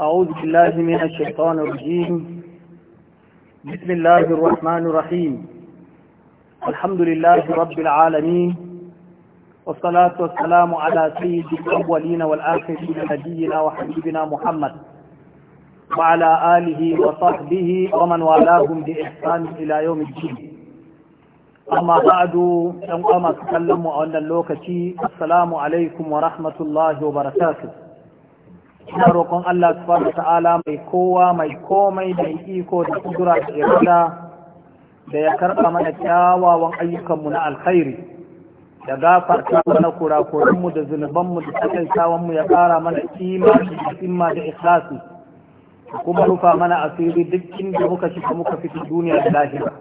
أعوذ بالله من الشيطان الرجيم بسم الله الرحمن الرحيم الحمد لله رب العالمين والصلاة والسلام على سيد الأولين والآخرين نبينا وحبيبنا محمد وعلى آله وصحبه ومن والاهم بإحسان إلى يوم الدين أما بعد أما تكلموا وأن اللوكة السلام عليكم ورحمة الله وبركاته ina roƙon Allah subhanahu ta'ala mai kowa mai komai da iko da kudura da irada da ya karɓa mana kyawawan ayyukanmu na alkhairi da gafarta mana kurakurinmu da zunubanmu da takaitawanmu ya ƙara mana kima da imma da ikhlasi kuma rufa mana asiri duk inda muka shiga muka fito duniya da lahira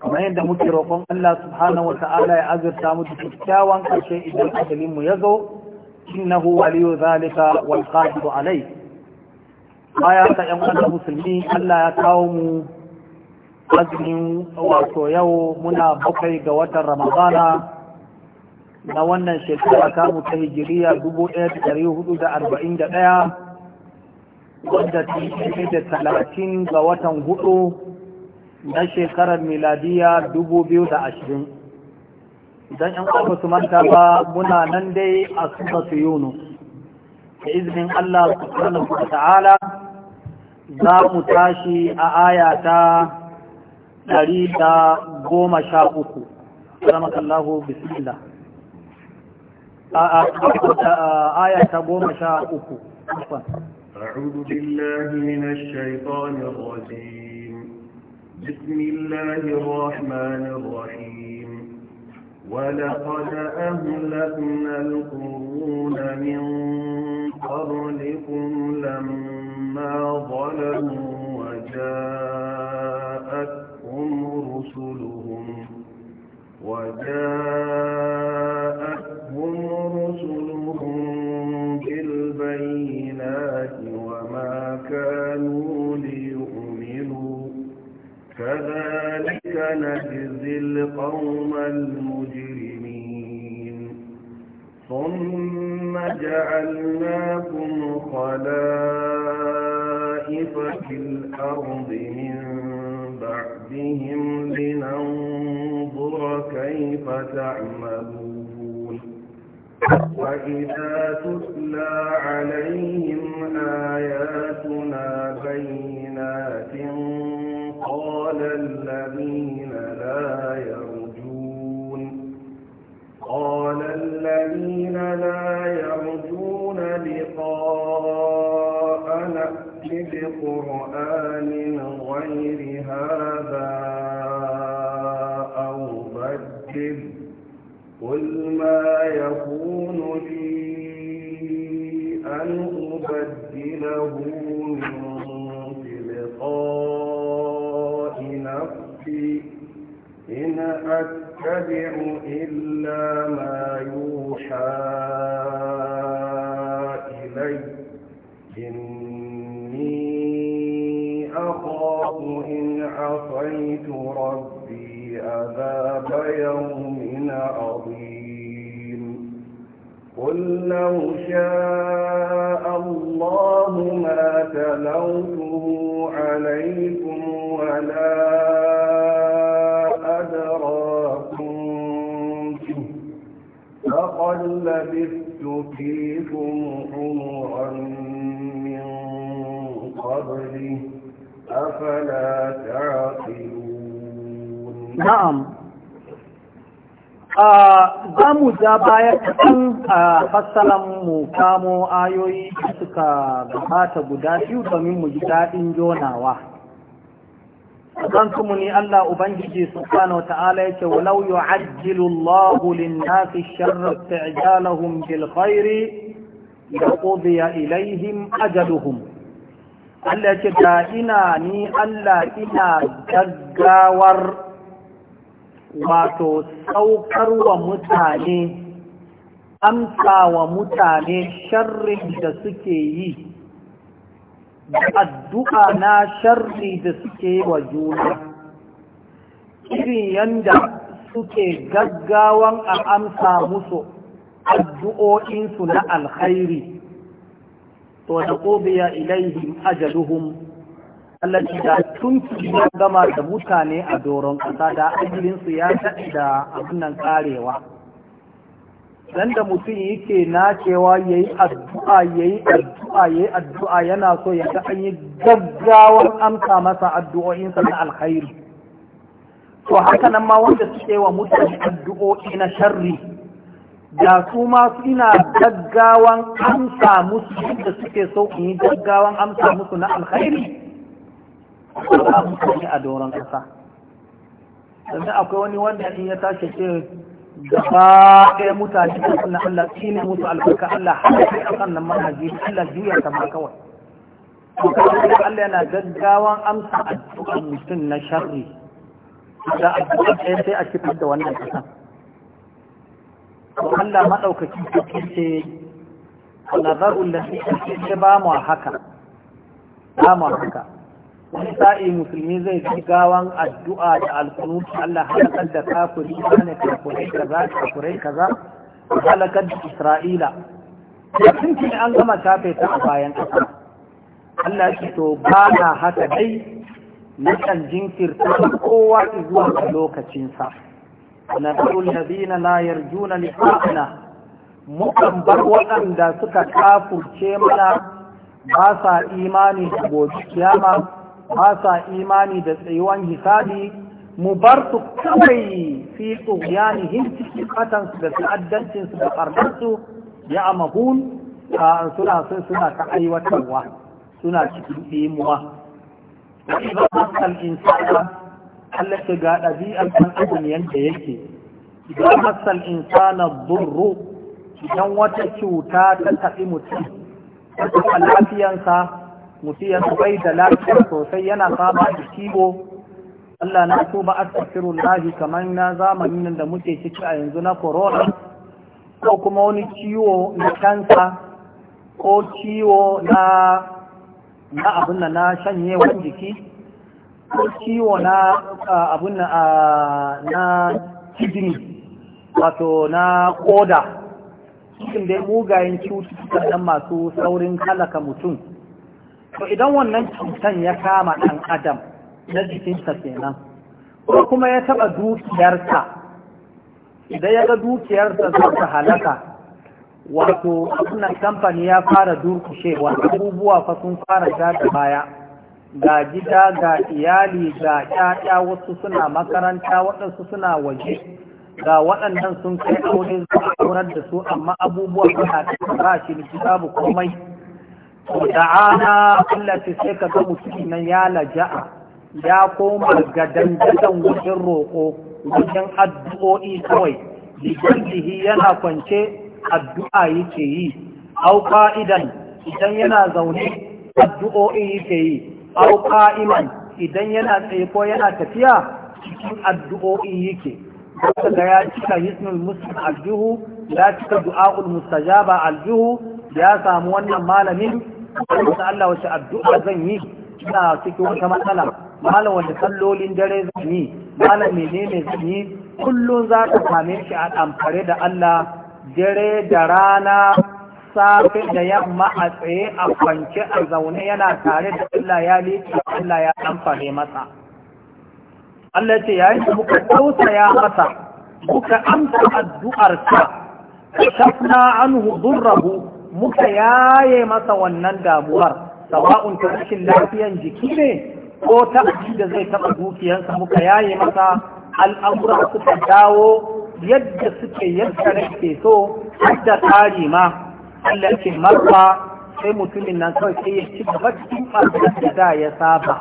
kamar yadda muke roƙon Allah subhanahu ta'ala ya azurta mu da kyakkyawan ƙarshe idan ajalinmu ya zo إنه ولي ذلك والقادر عليه baya ka ‘yan wanda musulmi Allah ya kawo mu azumin wato yau muna bakwai ga watan ramadana na wannan shekara mu ta hijiriya 1441 wanda ta yi da talatin ga watan hudu na shekarar miladiya 2020 idan yan kwafa su manta ba muna nan dai a suna su yunu da izinin Allah subhanahu wa ta'ala za mu tashi a aya ta ɗari da goma sha uku ramakallahu bismillah aya ta goma sha uku أعوذ بالله من الشيطان الرجيم بسم الله الرحمن الرحيم ولقد أهلكنا القرون من قبلكم لما ظلموا وجاءتهم رسلهم وجاءتهم رسلهم بالبينات وما كانوا نجزي القوم المجرمين ثم جعلناكم خلائف في الأرض من بعدهم لننظر كيف تعملون وإذا تتلى عليهم آياتنا بينات قال الذين لا يرجون قال الذين لا يرجون لقاء نأتي بقرآن غير هذا أو بدل قل ما يكون لي أن أبدله أتبع إلا ما يوحى إلي إني أخاف إن عصيت ربي عذاب يوم عظيم قل لو شاء الله ما تلوته عليكم ولا لبثت فيكم عمرا من أفلا تعقلون نعم za mu ja baya kaɗan a fassalan mu kamo ayoyi da suka gabata guda biyu domin mu ji daɗin jonawa. zan tumu ni Allah Ubangiji subhanahu ta'ala yake walau yu'ajjilu Allahu lin-nasi sharra isti'jalahum bil khairi laqudiya ilaihim ajaluhum Allah yake da ina ni Allah ina gaggawar wato saukarwa mutane amsa wa mutane sharrin da suke yi addu'a na sharri da suke wa juna irin yanda suke gaggawan a amsa musu addu'o'insu na alkhairi to da ƙobiya ilaihim ajaluhum allaci da tunki ya gama da mutane a doron ƙasa da ajilinsu ya taɗi da abin ƙarewa dan da mutum yake nacewa ya yi addu'a ya yi addu'a addu'a ya yi addu'a yana so ya ga an yi gaggawar amsa masa addu'o'insa na alkhairi to haka nan ma wanda suke wa mutane addu'o'i na sharri da su ma ina gaggawan amsa musu da suke so in yi gaggawan amsa musu na alkhairi ba mutane a doron ƙasa sannan akwai wani wanda in ya tashi ce gaba ɗaya mutane da Allah shi ne musu albarka Allah har haka a kan nan manhaji Allah juya ta kawai to kuma Allah yana gaggawan amsa a addu'ar mutum na sharri da addu'a ɗaya sai a fitar da wannan kasa to Allah madaukaki yake ce nazaru lafi ba mu haka ba mu haka wani sa'i musulmi zai ji gawan addu'a da alkunuti Allah halakar da kafiri ne kafirai kaza kafirai kaza halakar da Isra'ila da tunki an gama tafe ta a bayan ƙasa Allah ki to ba na haka dai na kan jinkirta kowa zuwa ga lokacinsa na tsarul ladina la yarjuna liqa'ana mukan bar waɗanda suka kafurce mana ba sa imani da gobe kiyama ba sa imani da tsayuwan hisabi mu bar su kawai fi tsohiyanihin cikin katansu da ta'addancinsu da ƙarfarsu ya amahun suna sun suna ta aiwatarwa suna cikin ɗimuwa wa idan masal insana Allah ke ga ɗabi'ar kan adam yadda yake idan masal insana burro. idan wata cuta ta tafi mutum ta taɓa lafiyansa mutum ya bai da lafiya sosai yana fama da ciwo Allah na so ba astaghfirullahi kamar na zamanin da muke ciki a yanzu na korona, ko kuma wani ciwo na kansa ko ciwo na abin na shanyewan jiki ko ciwo na abin na kidney wato na koda cikin dai mugayen cututtuka masu saurin halaka mutum to idan wannan cutan ya kama ɗan adam na jikinsa kenan ko kuma ya taɓa dukiyarsa idan ya ga dukiyarsa za ta halaka wato wannan kamfani ya fara durkushewa abubuwa fa sun fara ja da baya ga gida ga iyali ga ƴaƴa wasu suna makaranta waɗansu suna waje ga waɗannan sun kai aure za a da su amma abubuwa suna ba shi babu komai to da'ana Allah ce sai ka ga mutum nan ya laja'a ya koma ga dandazan wajen roƙo wajen addu'o'i kawai jihi yana kwance addu'a yake yi au ka'idan idan yana zaune addu'o'i yake yi au ka'iman idan yana tsaye yana tafiya cikin addu'o'i yake wata ga ya cika hisnul muslim aljihu ya cika du'a'ul mustajaba aljihu ya samu wannan malamin wata Allah wace addu'a zan yi ina cikin wata matsala malam wanda sallolin dare zan yi malam menene zan yi kullum za ka same shi a ɗamfare da Allah dare da rana safe da yamma a tsaye a kwance a zaune yana tare da Allah ya lece Allah ya ɗamfare masa Allah ce yayin da muka tausaya masa muka amsa addu'arsa kashafna anhu durrahu muka yaye masa wannan damuwar sawa'un ta rashin lafiyan jiki ne ko ta da zai taɓa dukiyarsa muka yaye masa al'amura suka dawo yadda suke yadda na ke so hadda tsari ma Allah ke marfa sai mutumin nan kawai sai ya ci gaba cikin ɓarnar da da ya saba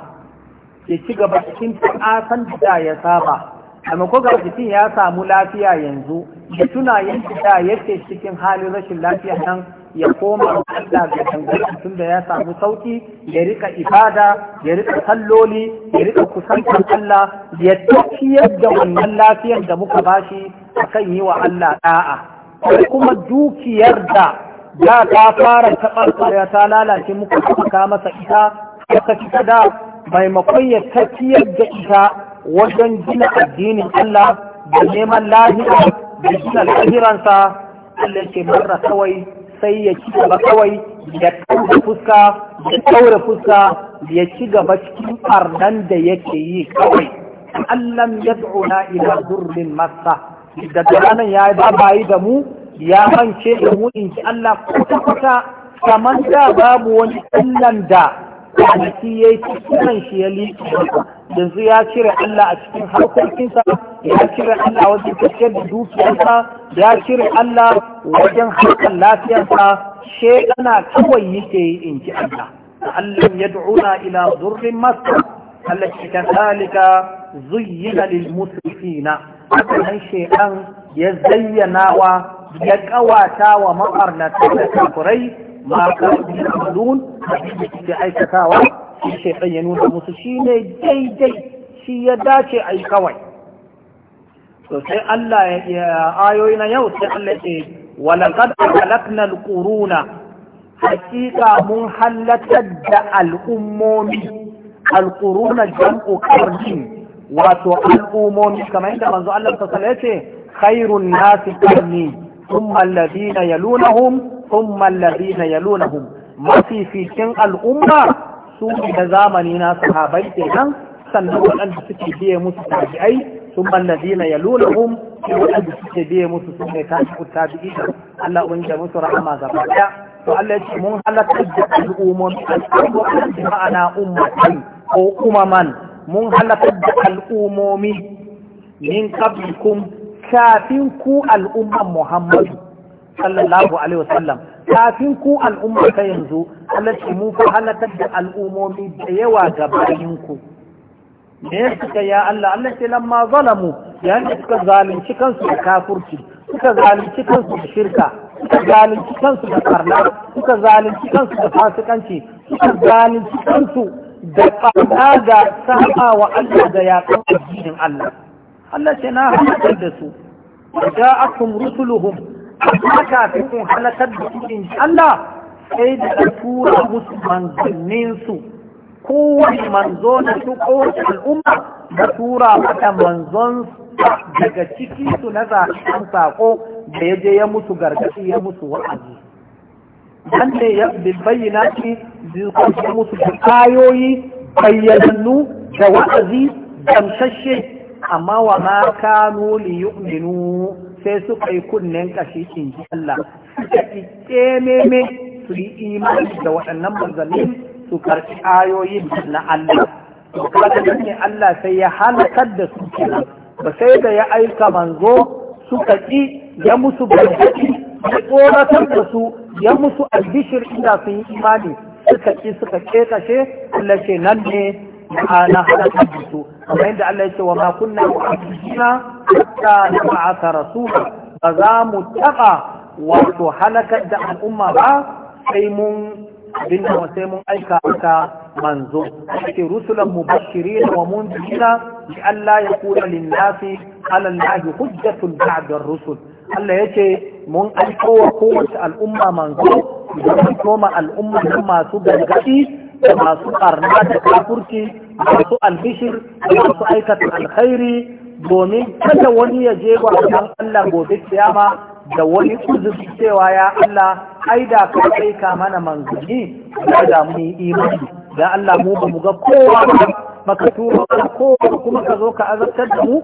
ya ci gaba cikin ta'asan da da ya saba a mako ga jikin ya samu lafiya yanzu ya tuna yadda da yake cikin halin rashin lafiya nan ya koma Allah ga dangane tun da ya samu sauki ya rika ibada ya rika salloli ya rika kusantar Allah ya tafiyar da wannan lafiyar da muka bashi akan yi wa Allah da'a kuma dukiyar da da ta fara taɓarɓarewa ta lalace muka saka masa ita ta fita da maimakon ya tafiyar da ita wajen gina addinin Allah da neman lahira da gina lahiransa Allah ke marra kawai sai ya ci gaba kawai ya taura fuska ya taura fuska ya ci gaba cikin arnan da yake yi kawai Allah allam na ila zurbin masa da ranar ya ba bayi da mu ya mance da mu in ji Allah kwata-kwata kamar da babu wani allan da kwanaki ya yi tukunan shi ya liƙe yanzu ya cire Allah a cikin harkokinsa ya cire Allah wajen tafiyar da dukiyarsa ya cire Allah wajen harkar lafiyarsa she ana kawai yake yi in ji Allah Allah ya du'una ila zurrin masa Allah shi ka zalika zuyyina lil musrifina haka nan shekan ya zayyana wa ya kawata wa ma'arnata da kafurai ما يعملون في أي كتاوى في شيء ينون المسلمين جي جي شيء داش أي كوي سي الله يا آيوين يو سي الله ولقد خلقنا القرون حقيقة منحلة تدع الأمم القرون جمع قرن وتؤل الأمم كما عندما زعل الله خير الناس قرنين ثم الذين يلونهم ثم الذين يلونهم ما في في شن الأمة سوء زامننا صحابي تهان سنقول أن سكي بيه متتابعي ثم الذين يلونهم وأن سكي بيه متتابعي كاشف التابعين الله أنجى مصر عما زبايا فالله يشمون هل تجد الأمم الأمم بمعنى أمتين أو أمما من هل تجد الأمم من قبلكم kafin ku al'umman Muhammadu sallallahu alaihi wasallam kafin ku al'umma ta yanzu Allah ce mu fa halakar da al'ummomi da yawa ga bayinku me ya suka ya Allah Allah ce lamma zalamu yayin da suka zalunci kansu da kafurci suka zalunci kansu da shirka suka zalunci kansu da karna suka zalunci kansu da fasikanci suka zalunci kansu da ƙarna ga saba wa Allah da yaƙon addinin Allah Allah ce na halakar da su ja'akum rusuluhum amma kafin kun halakar da su in sai da a tura musu manzanninsu kowane manzo na al'umma na tura manzon daga ciki su na zaɓen saƙo da ya je ya mutu gargaɗi ya mutu wa'azi dan ne ya bayyana shi zai musu da ayoyi bayyanannu da wa'azi gamsasshe amma wa ma kanu li yu'minu sai suka yi kunnen kashi in ji Allah suka ki me su yi imani da waɗannan manzanni su karɓi ayoyin na Allah to kaga ne Allah sai ya halakar da su kenan ba sai da ya aika manzo su kaji ya musu bayani ya tsoratar da su ya musu albishir inda sun yi imani suka ƙi suka kashe Allah ce nan ne na halakar da su kamar yadda Allah ya ce wa ma kunna mu'azzibina hatta nab'atha rasula ba za mu taba wato halakar da al'umma ba sai mun abin da sai mun aika ta manzo ake rusulan mubashirin wa mundirina bi Allah ya kula lin nasi ala Allah hujjatul ba'da rusul Allah yace mun aiko wa kowace al'umma manzo idan koma al'umma masu gargadi da masu arna da kafurki masu albishir masu aikata alkhairi domin kada wani ya je kan Allah gobe kiyama da wani uzuri cewa ya Allah ai da ka kai ka mana manzanni da da mu imani da Allah mu ba mu ga kowa maka tura kowa kuma ka zo ka azabtar da mu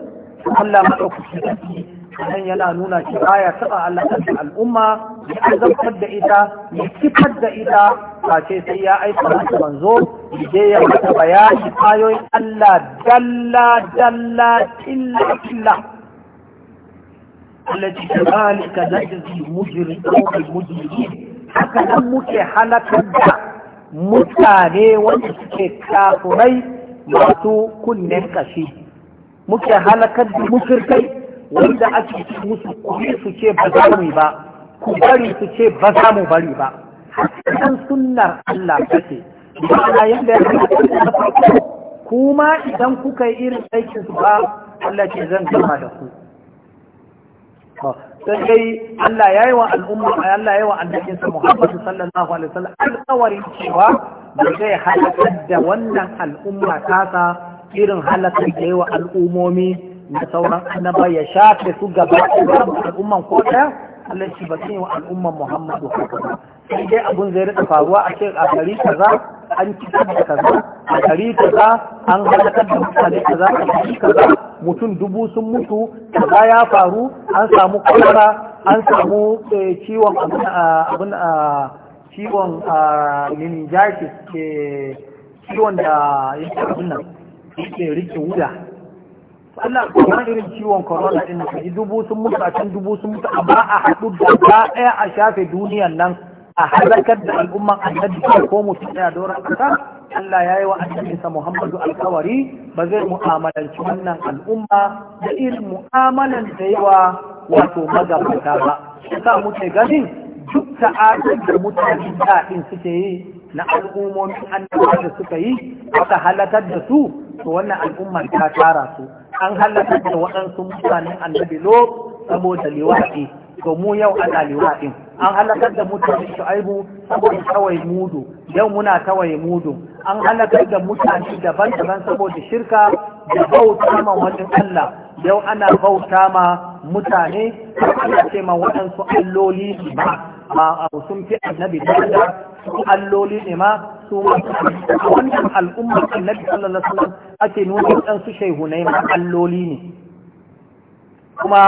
Allah madaukakin nan yana nuna shi baya taɓa Allah da al'umma ya azabtar da ita ya kifar da ita face sai ya aika mata manzo je ya mata bayani ayoyin Allah dalla dalla illa illa التي كذلك نجزي مجرم المجرمين هكذا muke halakar da mutane wanda suke kafurai masu kunnen kashi muke halakar da mushrikai wanda ake ci musu kuɗi su ce ba za mu ba ku bari su ce ba za mu bari ba hakan sunnar Allah take ma'ana yanda ya kuma idan kuka yi irin aikin su ba Allah ke zan gama da ku sai dai Allah ya yi wa al'umma Allah ya yi wa annabinsa Muhammadu sallallahu alaihi wasallam alƙawarin cewa ba zai halakar da wannan al'umma kasa irin halakar da yi wa al'umomi na sauran annaba ya shafe su gaba da al'umman ko ɗaya Allah shi ba wa al'umman Muhammadu haka ba sai dai abun zai rika faruwa a ce a gari kaza an kitar da kaza a gari kaza an halakar da mutane kaza a gari kaza mutum dubu sun mutu kaza ya faru an samu kwara an samu eh, ciwon abin a ah, ah, ciwon ah, meningitis eh, ciwon da yake abin nan ke rike wuda Allah kuma irin ciwon corona din ka dubu sun mutu a can dubu sun mutu amma a haɗu da ba ɗaya a shafe duniyan nan a halakar da al'umman annabi ko mutum ɗaya doron ƙasa Allah ya yi wa annabinsa Muhammadu alkawari ba zai mu'amalanci wannan al'umma da irin mu'amalan da yawa wato magabata ba. Sa muke ganin duk ta'adar da mutane daɗin suke yi na al'ummomin annabawa da suka yi aka halakar da su to wannan al'umma ta tara su. an halaka da waɗansu mutanen annabi lo saboda liwaɗi to mu yau ana liwaɗin an halakar da mutane shu'aibu saboda kawai mudu yau muna kawai mudu an halakar da mutane daban-daban saboda shirka da bauta ma wajen Allah yau ana bauta ma mutane ana ce ma waɗansu alloli ba ba sun fi annabi da alloli ne ma su a wannan al'ummar annabi sallallahu alaihi wasallam ake nuna dan su shehunai ma alloli ne kuma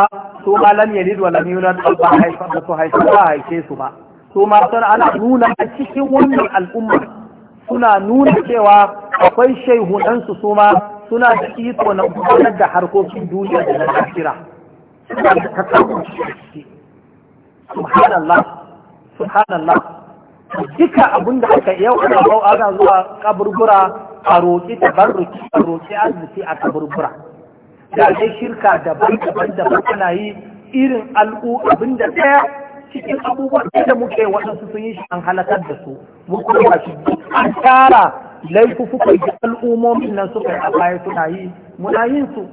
su ma lam yalid wa lam yulad ba haifar da su haifar ba haife su ba su ma sun ana nuna a cikin wannan al'ummar suna nuna cewa akwai shehunan su su ma suna da iko na gudanar da harkokin duniya da na kafira suna da takakun shi subhanallah subhanallah duka abin da aka yau ana bau ana zuwa kaburbura a roƙi tabarruki a roƙi arziki a kaburbura da dai shirka daban daban da ana yi irin al'u abin da ɗaya cikin abubuwan da muke waɗansu sun yi shi an halakar da su mun kuma shi an tara laifufukan da al'ummomin nan suka yi a baya suna yi muna yin su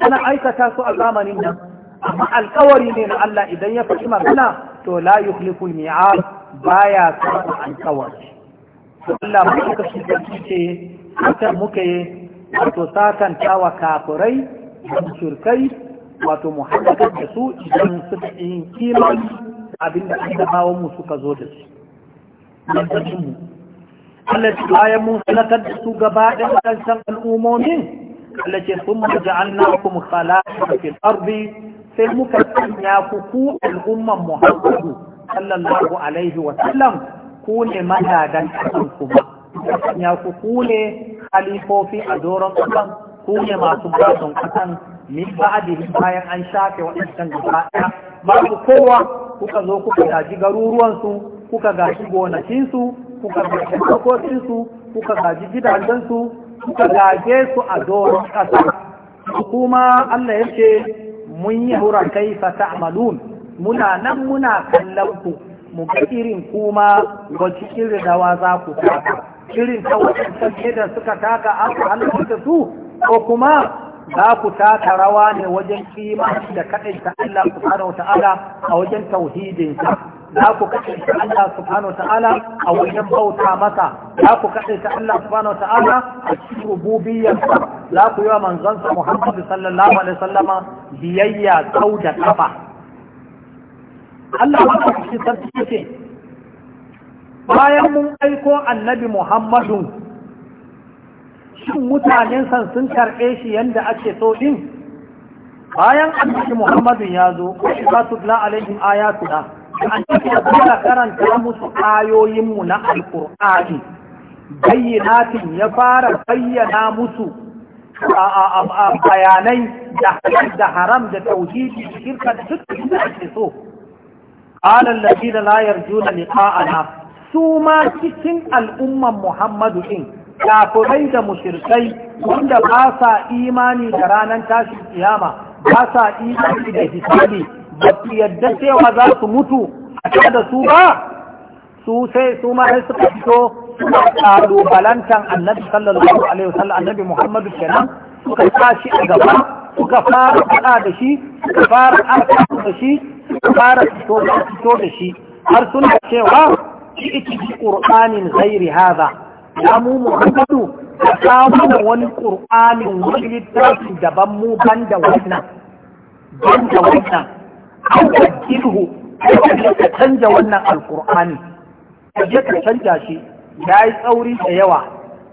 ana aikata su a zamanin nan amma alkawari ne na Allah idan ya faɗi magana to la yukhlifu miad baya karɓa alƙawari Allah mu ka shi da ce hakan muka yi wato satan tawa kafirai da wato muhaddakar da su idan suka yi kiman abinda annabawan mu suka zo da su nan da mu Allah ya bayan mun halakar da su gaba da wadannan al'umomin Allah ce sun ku mu ja'alnakum khala'ifa fil ardi sai muka sanya ku ku al'umman muhammadu sallallahu alaihi wa sallam ku ne magadan kasan kuma ya ku ku ne halifofi a doron kasan ku ne masu gadon kasan min ba'adi bayan an shafe waɗancan gaba ɗaya babu kowa kuka zo kuka gaji garuruwansu kuka gaji gonakinsu kuka gaji harkokinsu kuka gaji gidajensu kuka gaje su a doron ƙasa kuma Allah ya ce mun yi hura kai fa muna nan muna kallon ku mu ga irin kuma wacce irin dawa za ku taka irin ta wajen da suka taka aka halin da su ko kuma za ku taka rawa ne wajen kima da kaɗaita Allah subhanahu ta'ala a wajen tauhidinsa za ku kaɗaita Allah subhanahu ta'ala a wajen bauta masa za ku kaɗaita Allah subhanahu ta'ala a cikin rububiyarsa za ku yi wa manzonsa Muhammadu sallallahu alaihi wasallama biyayya sau da kafa Allah ba ka fi sarki ce bayan mun aiko annabi Muhammadu shin mutanen san sun karɓe shi yanda ake so din bayan annabi Muhammadu ya zo ko shi ba su la alaihim ayatuna annabi ya fara karanta musu ayoyin mu na alqur'ani bayyanatin ya fara bayyana musu a bayanai da haram da tauhidi shirka da duk da ake so alal ladina la yarjuna liqa'ana su ma cikin al'umman Muhammadu din kafirai da mushrikai wanda ba sa imani da ranar tashin kiyama ba sa imani da hisabi ba su yadda cewa za su mutu a tare da su ba su sai su ma sai suka fito suka kalubalantan annabi sallallahu alaihi wasallam annabi Muhammadu kenan suka tashi a gaba suka fara faɗa da shi suka fara arka da shi suka fara fito da shi har suna cewa shi ita ji ƙur'anin zairi haza ya mu muhammadu ka samu da wani ƙur'anin wani littafi daban mu ban da wannan ban da wannan an ka girhu ka canja wannan alƙur'ani ka je ka canja shi ya yi tsauri da yawa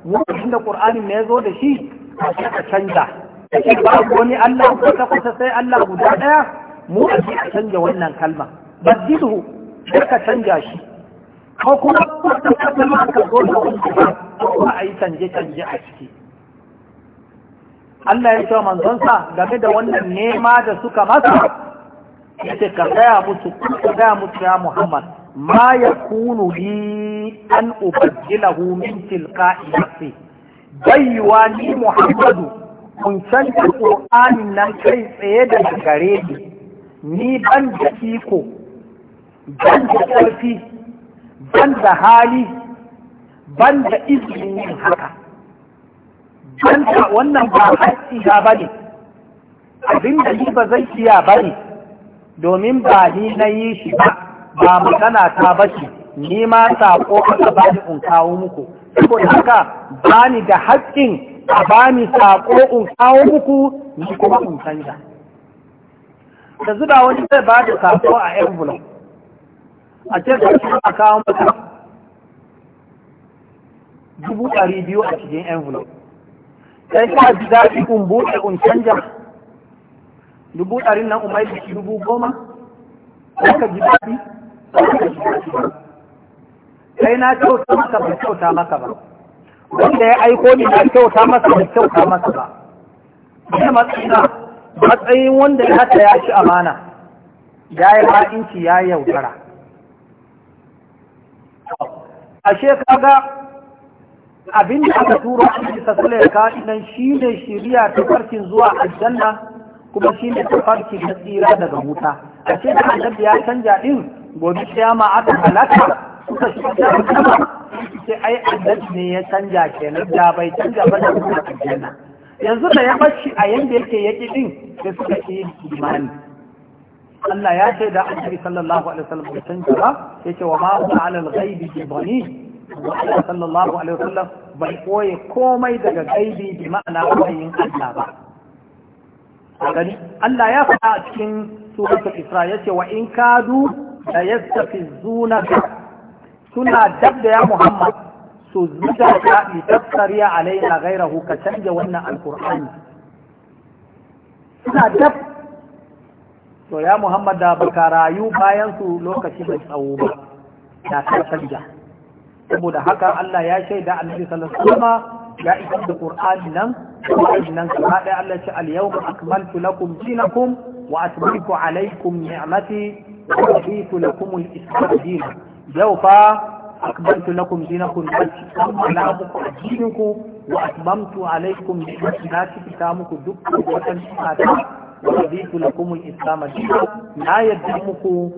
lokacin da ƙur'anin ne ya zo da shi ka canja take babu wani Allah ta kusa sai Allah guda ɗaya mu a ce a canja wannan kalma baddidu sai ka canja shi ko kuma kwata kwata ma ka zo da wani ba a yi canje canje a ciki Allah ya ce sa game da wannan nema da suka masa yace ka gaya musu ka gaya musu ya Muhammad ma yakunu li an ubaddilahu min tilqa'i nafsi baiwa ni Muhammadu kuncen da ƙur'anin nan kai tsaye da gare ni ni ban da iko ban da ƙarfi ban da hali ban da izinin yin haka ban da wannan ba haƙƙi na ba ne abin da ni ba zai iya ba ne domin ba ni na yi shi ba ba magana ta bace ni ma saƙo ba ni in kawo muku saboda haka ba ni da haƙƙin a ni saƙo in kawo muku ni kuma in canza da zuba wani zai ba da saƙo a envelope a ce ka shi a kawo maka dubu ɗari biyu a cikin envelope sai ka ji daɗi in buɗe in canza dubu ɗari nan umar da dubu goma sai ka ji daɗi sai ka ji daɗi kai na kyauta maka ba kyauta maka ba wanda ya aiko ni na kyauta masa da kyauta masa ba ina matsayin wanda ya haka ya ci amana ya yi ha'inci ya yaudara ashe kaga abin da aka turo a cikin sasula ya kawo nan shi ne shirya ta farkin zuwa aljanna kuma shi ne ta farkin na tsira daga wuta ashe da ya canja ɗin, gobe ya aka halatta suka ce ai annabi ne ya canja kenan da bai canja ba da kuma aljanna yanzu da ya bashi a yanda yake yaki din da suka ce imani Allah ya ce da annabi sallallahu alaihi wasallam bai canja ba yace wa ma huwa ala al-ghaibi bi dhani Allah sallallahu alaihi wasallam bai koye komai daga gaibi bi ma'ana wahayin Allah ba gani Allah ya faɗa a cikin suratul Isra yace wa in kadu la yastafizunaka suna dab da ya Muhammad su zuga ta bi tafsariya alaina gairahu ka canja wannan alkur'ani suna dab to ya Muhammad da baka rayu bayan su lokaci mai tsawo ba da ta canja saboda haka Allah ya shaida annabi sallallahu alaihi wasallam ya isa da qur'ani nan qur'ani nan kuma dai Allah ya ce al yawma akmaltu lakum dinakum wa atmamtu alaykum ni'mati wa raditu lakum al islam dinan yau fa akbaltu lakum dinakum bati amma ku dininku wa atmamtu alaikum nikmati na ci ta muku duk wannan shahada wa raditu lakum al-islam dinan na yadda muku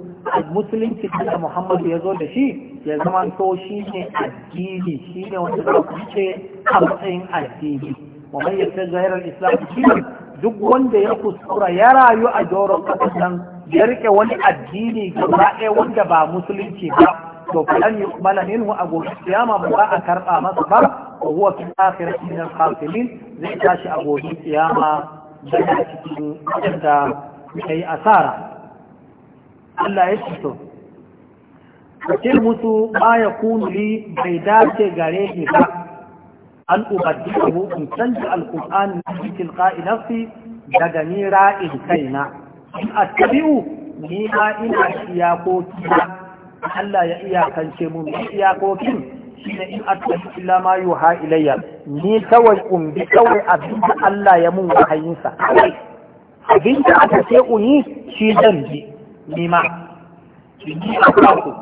musulunci da Muhammad ya zo da shi ya zama to shine addini shine wanda ku ce a matsayin addini wa man yatta zahirar islam dinan duk wanda ya kuskura ya rayu a doron ƙasar nan ya rike wani addini gaba ɗaya wanda ba musulunci ba to falan yuqbala minhu a gobe kiyama ba a karɓa masa ba wa huwa fil akhirati min al-khasirin zai tashi a gobe kiyama daga cikin da kai asara Allah ya fito Kace musu ba ya bai dace gare ni ba an ubaddihu in canza alquran min tilqa'i nafsi daga ni ra'in kaina in attabi'u ni ma ina iyakoki Allah ya iyakance mun iyakokin shine in attabi illa ma yuha ilayya ni kawai in bi kawai abin da Allah ya mun wahayinsa abin da aka ce uni shi zan bi ni ma ni ku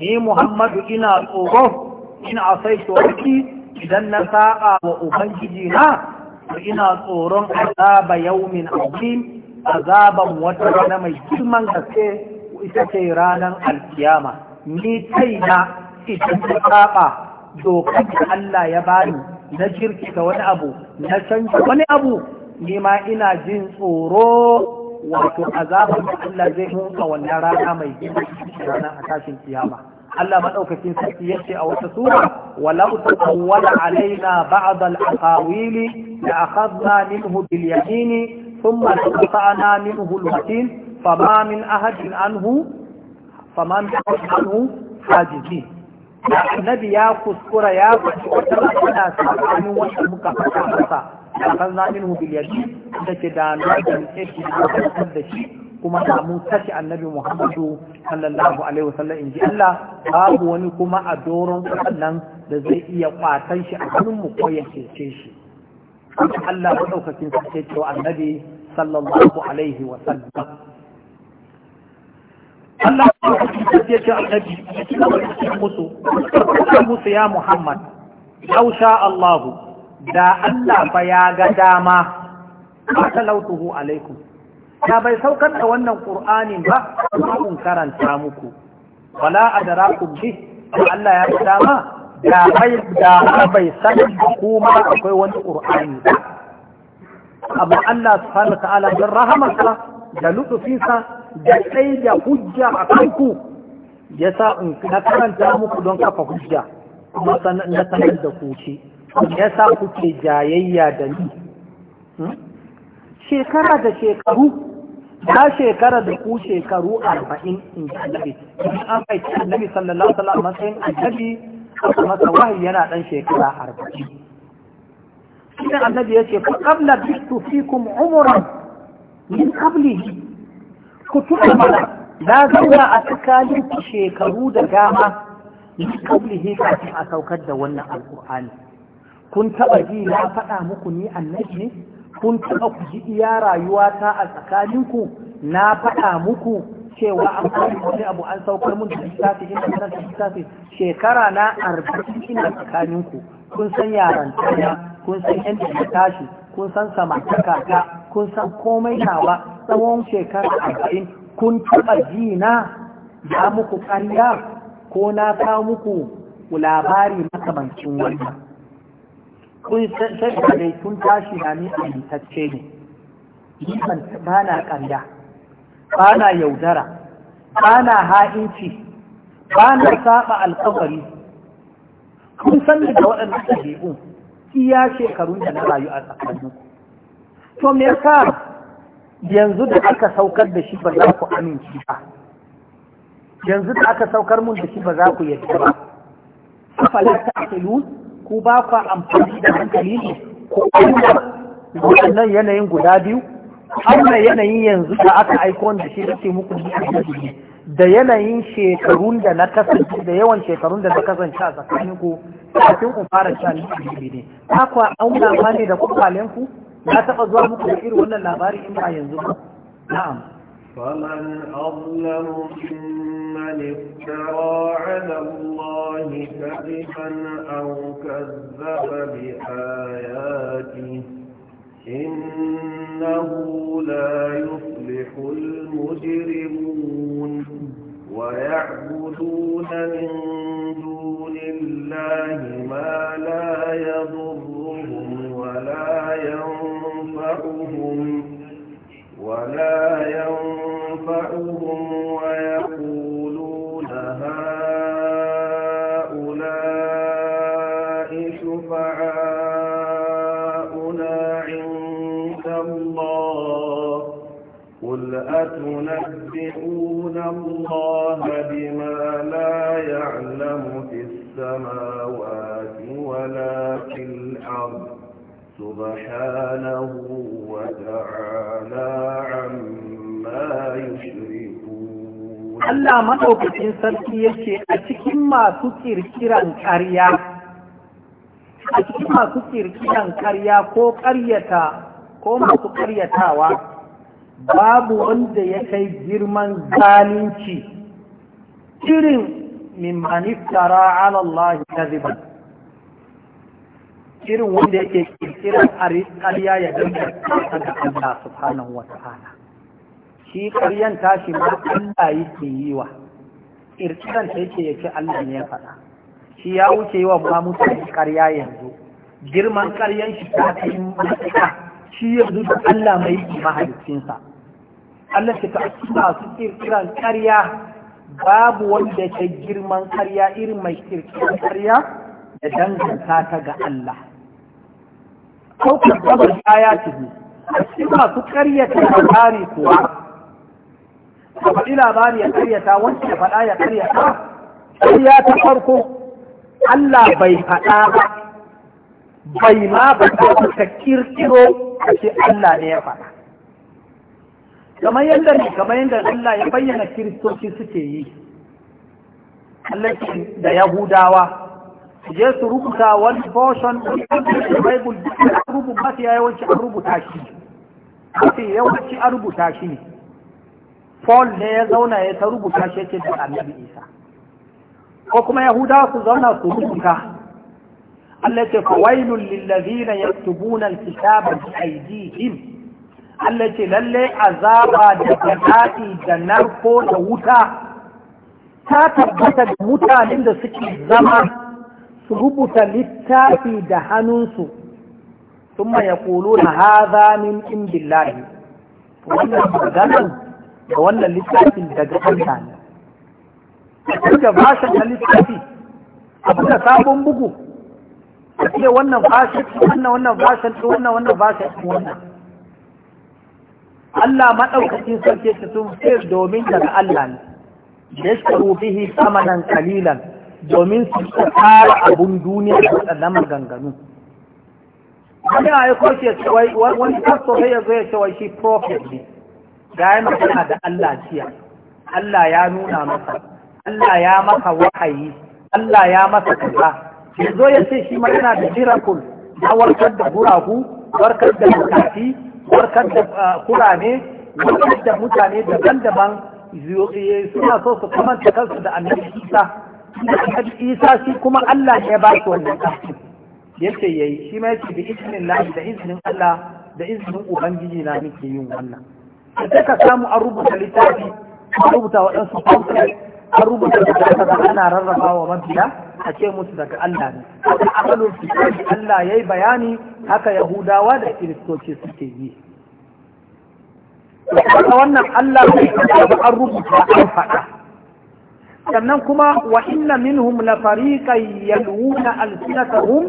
ni Muhammadu ina tsoro ina asaitu rabbi idan na saƙa wa ubangiji na ina tsoron azaba yaumin azim azaban wata rana mai girman gaske ita ce ranar alkiyama ni na ita ta saƙa dokar da Allah ya bani na jirkita wani abu na canza wani abu ni ma ina jin tsoro wato azaban da Allah zai hunka wannan rana mai girman ranar a tashin kiyama Allah madaukakin sarki yace a wata sura walau tatawwala alaina ba'd al-aqawili la akhadna minhu bil yamin thumma qata'na minhu al-watin fama min ahadin anhu fama min ahadin anhu hajizi annabi ya kuskura ya faɗi wata magana tsakanin wanda muka faɗa masa akhadna minhu bil yamin da ke da nan da shi kuma da mun annabi Muhammadu sallallahu alaihi wasallam in ji Allah babu wani kuma a doron nan da zai iya kwatan shi a hannun mu ko ya cece shi Allah madaukakin sarki cewa annabi sallallahu alaihi wasallam Allah madaukakin sarki ya ce annabi ya musu musu ya Muhammad law sha Allah da Allah fa ya ga dama talautuhu alaikum da bai saukar da wannan qur'anin ba kun karanta muku wala adrakum bi Allah ya fi dama da bai da bai sanar da kuma akwai wani ƙur'ani ba abu Allah su fara ta'ala don rahamarsa da lutufinsa da tsaye da hujja a kanku ya sa in na karanta muku don kafa hujja kuma na sanar da ku ya sa kuke jayayya da ni hmm? shekara da shekaru ta shekara da ku shekaru arba'in in ji annabi in an haifi annabi sallallahu alaihi wasallam matsayin annabi aka masa wahayi yana dan shekara arba'in shi annabi ya ce fa qabla bistu fikum umran min qablihi ku tuna mana na zauna a tsakanin shekaru da dama min qablihi kafin a saukar da wannan alqur'ani kun taba ji na faɗa muku ni annabi ne kun taɓa ku ji iya ta a tsakaninku na faɗa muku cewa an kawo wani abu an saukar mun da da ina da lissafi shekara na arba'in ina tsakaninku kun san yaran taya kun san 'yan na tashi kun san samantaka ta kun san komai nawa tsawon shekara arba'in kun taɓa ji na ya muku ƙarya ko na kawo muku labari makamancin wannan kun shaida dai kun tashi na ni amintacce ne ni ban ba na ba na yaudara ba na ha'inci ba na saba alkawari kun san da waɗannan ɗabi'un iya shekarun da na rayu a tsakaninku to me yasa yanzu da aka saukar da shi ba za ku amince ba yanzu da aka saukar mun da shi ba za ku yadda ba afalata ta'qilun ku ba ku amfani da hankali ne ko auna waɗannan yanayin guda biyu auna yanayin yanzu da aka aiko da shi nake muku da yanayin shekarun da na kasance da yawan shekarun da na kasance a tsakanin ku kafin ku fara sha ni ne ta kwa auna ma ne da kuma ku na taɓa zuwa muku da irin wannan labari in ba yanzu ba na'am فمن أظلم ممن افترى على الله كذبا أو كذب بآياته إنه لا يفلح المجرمون ويعبدون من دون الله ما لا يضرهم ولا ينفعهم ولا ينفعهم أفتنبئون الله بما لا يعلم في السماوات ولا في الأرض سبحانه وتعالى عما يشركون الله ما هو كتير سلسية أتكلم ما تكير كيران كريا a cikin masu kirkiran karya ko karyata ko masu karyatawa babu wanda ya kai girman zalunci irin mimman iftara ala Allah irin wanda yake a ƙarya ya danganta ga Allah subhanahu wa ta'ala shi ƙaryan tashi ma Allah yake yi wa kirkiran ta yake yake Allah ne ya faɗa shi ya wuce wa ma mutane ƙarya yanzu girman ƙaryan shi ta kai matuƙa shi yanzu da Allah mai mahalicinsa Allah ta ta su kirkiran karya babu wanda ke girman karya irin mai kirkiran karya da danganta ta ga Allah. Ko karɓar kaya ta ne, a cikin masu karyata labari kuwa, ka faɗi labari ya ta wanda ya faɗa ya karyata, karya ta farko Allah bai faɗa ba, bai ma ba ta kirkiro a ce Allah ne ya faɗa. kamar yadda ne kamar yadda Allah ya bayyana kiristoci suke yi allaci da yahudawa su je su rubuta wani portion da bible da rubuta mafi yawanci an rubuta shi mafi yawanci an rubuta shi ne paul ne ya zauna ya ta rubuta shi yake da annabi isa ko kuma yahudawa su zauna su rubuta Allah ce lil ladina yaktubuna al-kitaba bi aydihim Allah ce lalle azaba da bala'i da narko da wuta ta tabbata da mutanen da suke zama su rubuta littafi da hannunsu sun ya kolo na haza min indin lahi wannan maganan da wannan littafin daga Allah ne da bashin na littafi abu da sabon bugu a ce wannan bashin wannan wannan bashin wannan wannan bashin wannan Allah maɗaukacin sarki su sun fi domin daga Allah ne, da shi rubihi samanan kalilan domin su ta tara abun duniya da waɗannan maganganu. Wani a yako ce wani kasto sai ya zo ya cewa shi prophet ne, ya yi magana da Allah jiya, Allah ya nuna masa, Allah ya masa wahayi, Allah ya masa kaza. Ya zo ya ce shi magana da miracle, na warkar da guragu, warkar da bukati, warkar da ah, kurame warkar da mutane daban-daban eh, suna so su kamanta kansu da annabi isa annabi isa shi kuma allah ne ya ba shi wannan ƙarfi yace yayi shi ma yake da izinin lahi da izinin allah da izinin ubangiji na muke yin wannan ta ka samu an rubuta littafi an rubuta waɗansu kwanfai an rubuta littafi ana rarrabawa mabiya a ce musu daga Allah ne haka ahlul kitabi Allah ya yi bayani haka yahudawa da kiristoci suke yi haka wannan Allah bai ba an rubuta an faɗa sannan kuma wa inna minhum la fariqan yaluna alsinatahum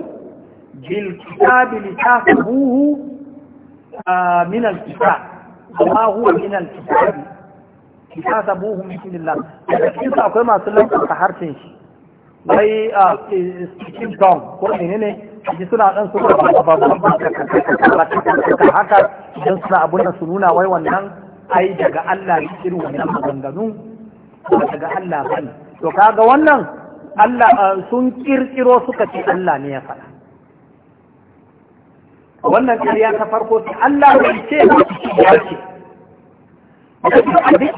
bil kitabi litahsabuhu ah, min al kitab amma huwa min al kitab litahsabuhu min Allah da cikin akwai masu lantsa harshen shi bai a cikin tom ko ne ne ji suna dan su ba haka idan suna abun da su nuna wai wannan ai daga Allah ne irin wannan maganganu daga Allah bane to kaga wannan Allah sun kirkiro suka ce Allah ne ya faɗa wannan kariya ta farko ce Allah ne ce ya ce abin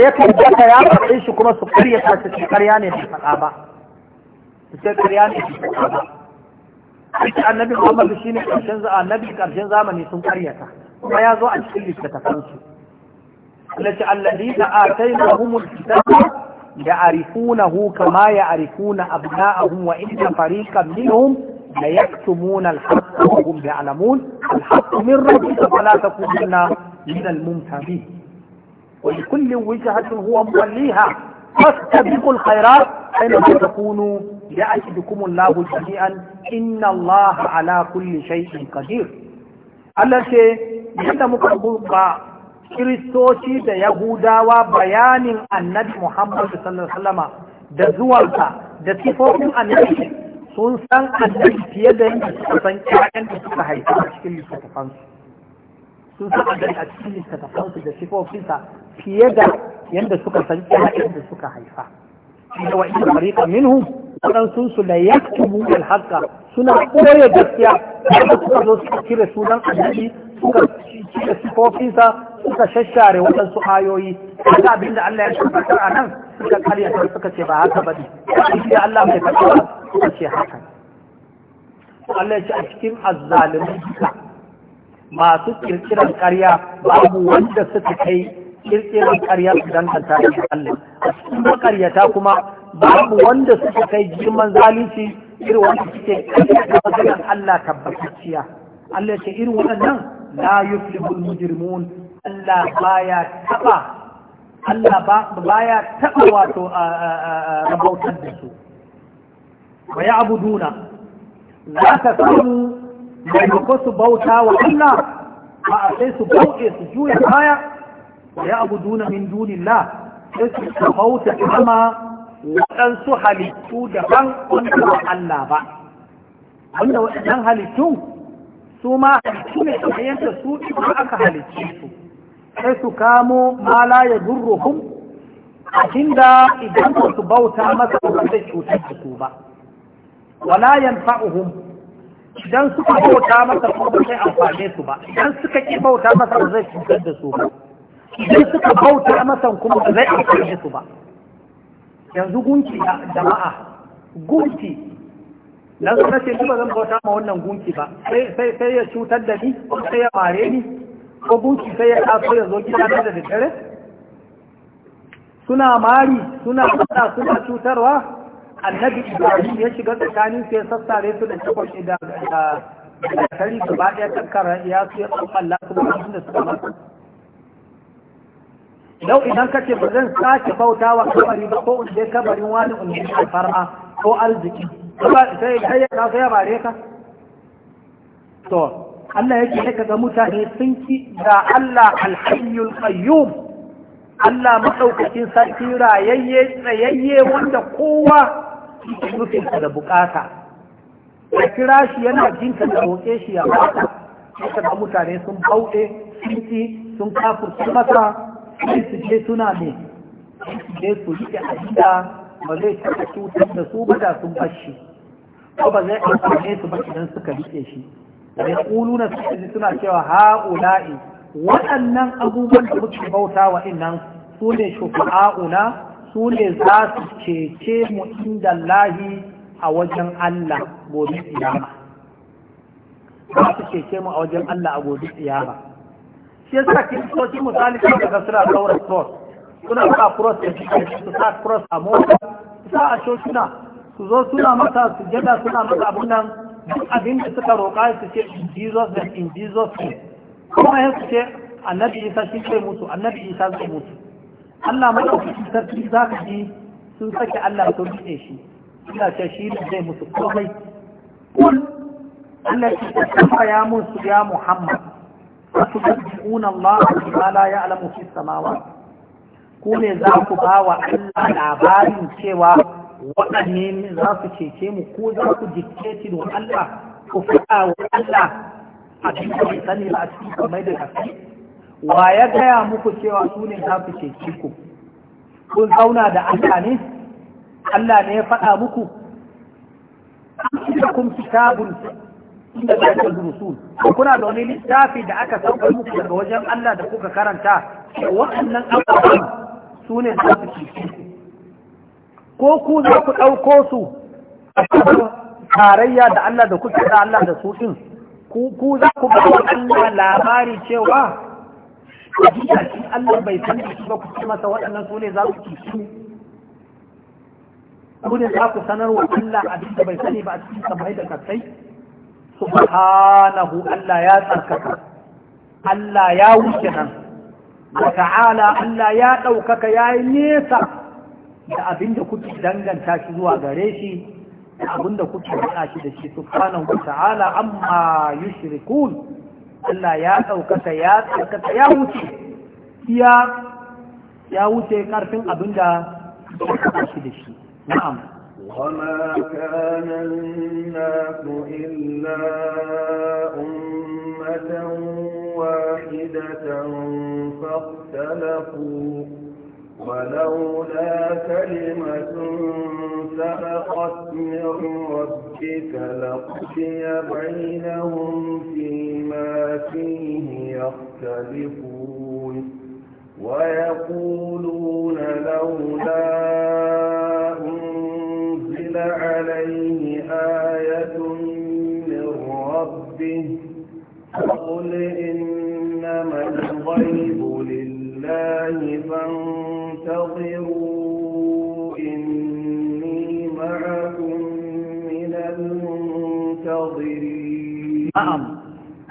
ya kan ya faɗe shi kuma su ƙarya ta ce ne da faɗa ba sai ƙarya ne ita annabi Muhammad shine karshen annabi karshen zamani sun karyata kuma ya zo a cikin littattafan su allati alladina atainahumul kitaba ya'rifunahu kama ya'rifuna abna'ahum wa inna fariqan minhum la yaktumuna al-haqqa wa hum ya'lamun al-haqqu min rabbika fala takunanna min al-mumtahin ولكل وجهة هو موليها فاستبقوا الخيرات aina ma takunu ya'tikum Allahu jami'an inna Allaha ala kulli shay'in qadir Allah ce yadda muka ba kiristoci da yahudawa bayanin annabi Muhammad sallallahu alaihi wasallama da zuwansa da sifofin annabi sun san annabi fiye da yadda suka san ƴaƴan da suka haifa a cikin littattafansu sun san annabi a cikin littattafansu da sifofinsa fiye da yadda suka san ƴaƴan da suka haifa وإن فريقا waɗansu su da ya tubu da haka suna koya gaskiya da suka zo suka cire sunan annabi suka cire sifofinsa suka shashare waɗansu ayoyi haka abin da Allah ya tabbatar a nan suka karya ta suka ce ba haka ba ne da Allah mai fatawa suka ce haka Allah ya ce a cikin azzalimi duka masu kirkiran karya babu wanda suka kai kirkirar karya su danganta da Allah a cikin makaryata kuma babu wanda suka kai girman zalunci irin wanda suke da maganar Allah tabbatacciya Allah ce irin waɗannan la yuflihul mujrimun Allah baya taba Allah ba baya taba wato rabautar da su wa ya'buduna za ka samu maimako su bauta wa Allah ba a sai su bauke su juya baya ya abu duna min dunillah sai su kabauta kama waɗansu halittu daban wanda ba Allah ba wanda waɗannan halittun su ma halittu ne kamar yadda su ɗin aka halicce su sai su kamo ma la ya durruhum abinda idan ba su bauta masa ba zai cutar da su ba wala yanfa'uhum idan suka bauta masa ba zai amfane su ba idan suka ki bauta masa ba zai cutar da su ba idan suka bauta masan kuma ba zai amfani su ba yanzu gunki a jama'a gunki na zuwa ce ba zan bauta ma wannan gunki ba sai ya cutar da ni ko sai ya mare ni ko gunki sai ya taso ya zo gida da daddare suna mari suna fada suna cutarwa annabi ibrahim ya shiga tsakanin sai sassare su da takwashi da da tari gaba ɗaya kankara ya su ya tsofalla su da suka masu Dau idan kace ba zan sake bauta wa kabari ba ko in je kabarin wani in yi alfarma ko arziki sai kai ya kawo ya bare ka to Allah yake ne kaga mutane sun ki da Allah alhayyul qayyum Allah madaukakin sarki rayayye tsayayye wanda kowa yake nufin da bukata ka kira shi yana jinka da roƙe shi ya baka sai kaga mutane sun bauɗe sun ki sun sun masa sai su je suna ne su je su rike abinda ba zai taɓa cutar da su ba da sun bashi ko ba zai amfane su ba idan suka rike shi da kulu na su suna cewa ha'ula'i waɗannan abubuwan da muke bauta wa innan su ne shufa'a'una su ne za su cece mu inda lahi a wajen Allah gobe tsiyama za su cece mu a wajen Allah a gobe tsiyama shi yasa kiristoci misali sun daga suna daura cross suna sa cross da shi su sa cross a mota su sa a shoshuna su zo suna mata su jada suna masa abin nan duk abin da suka roƙa su ce in jesus and in jesus ne kuma ya su ce annabi isa shi ce musu annabi isa zai mutu allah maɗaukaki sarki za ka ji sun sake allah sun riƙe shi ina ce shi ne zai musu komai kul allah ya ce ya mun ya muhammad wasu ya alamu ku ne za ku ba wa Allah labarin cewa waɗanne ne za su cece mu ko za ku jikke shi da Allah ku fada wa Allah a cikin sani a cikin kamar da kasu wa ya gaya muku cewa su za su cece ku kun zauna da Allah ne Allah ne ya fada muku inda za ka su kuna da wani littafi da aka saukar muku daga wajen Allah da kuka karanta waɗannan abubuwan su ne za su ci ko ku za ku ɗauko su a tarayya da Allah da kuke da Allah da su ɗin ku za ku ba wa Allah labari cewa a cikin Allah bai san da ba ku ce masa waɗannan su ne za ku ci su abu ne za ku sanar wa Allah abin da bai sani ba a cikin samai da kasai subhanahu Allah ya tsarkaka Allah ya wuce nan wa ta'ala Allah ya ɗaukaka ya yi nesa da abinda kuke danganta shi zuwa gare shi da abinda kuke haɗa shi da shi subhanahu wa ta'ala amma yushrikun Allah ya ɗaukaka ya tsarkaka ya wuce ya wuce ƙarfin abinda kuke haɗa shi da shi na'am وما كان الناس إلا أمة واحدة فاختلفوا ولولا كلمة سبقت من ربك لقضي بينهم فيما فيه يختلفون ويقولون لولا عليه آية من ربه قل إنما الغيب لله فانتظروا إني معكم من المنتظرين نعم